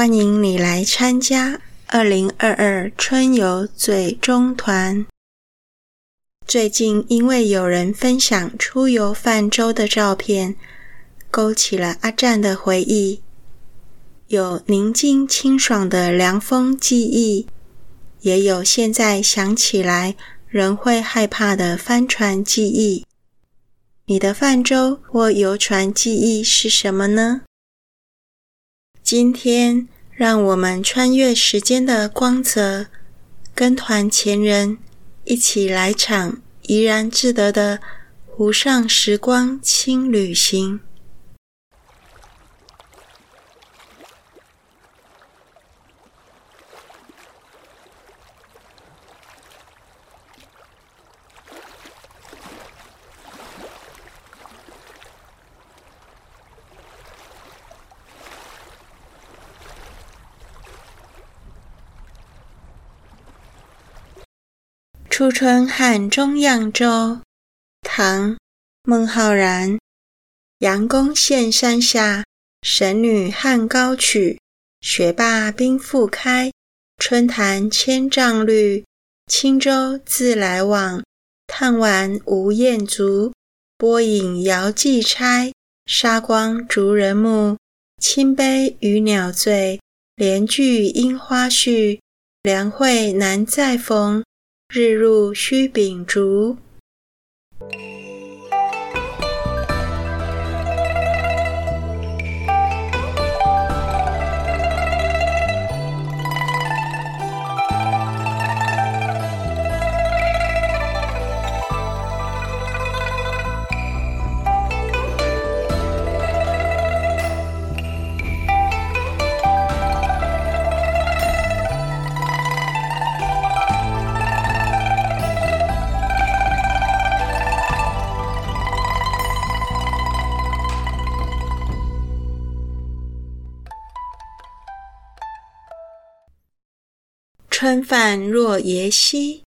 歡迎你來參加二零二二春遊最終團。最近因為有人分享出遊泛舟的照片，勾起了阿戰的回憶。有寧靜清爽的涼風記憶，也有現在想起來仍會害怕的帆船記憶。你的泛舟或遊船記憶是什麼呢？今天，讓我們穿越時間的光澤，跟團前人一起來場怡然自得的湖上時光輕旅行。初春漢中漾舟唐·孟浩然。羊公峴山下，神女漢皋曲。雪罷冰復開，春潭千丈綠。輕舟恣來往，探玩無厭足，波影搖妓釵，沙光逐人目。傾杯魚鳥醉，聯句鶯花續，良會難再逢。日入須秉燭。春泛若耶溪，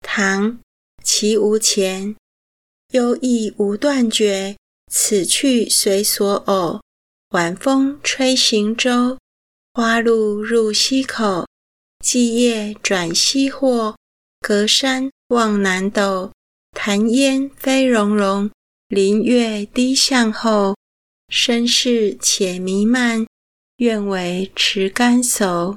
唐·綦毋潛。幽意無斷絕，此去隨所偶。晚風吹行舟，花路入溪口。際夜轉西壑，隔山望南斗。潭煙飛溶溶，林月低向後。生事且彌漫，願為持竿叟。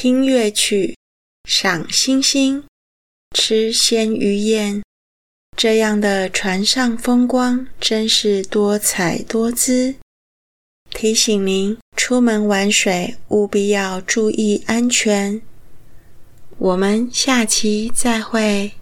聽樂曲，賞星星，吃鮮魚宴，這樣的船上風光真是多彩多姿。提醒您，出門玩水務必要注意安全。我們下期再會。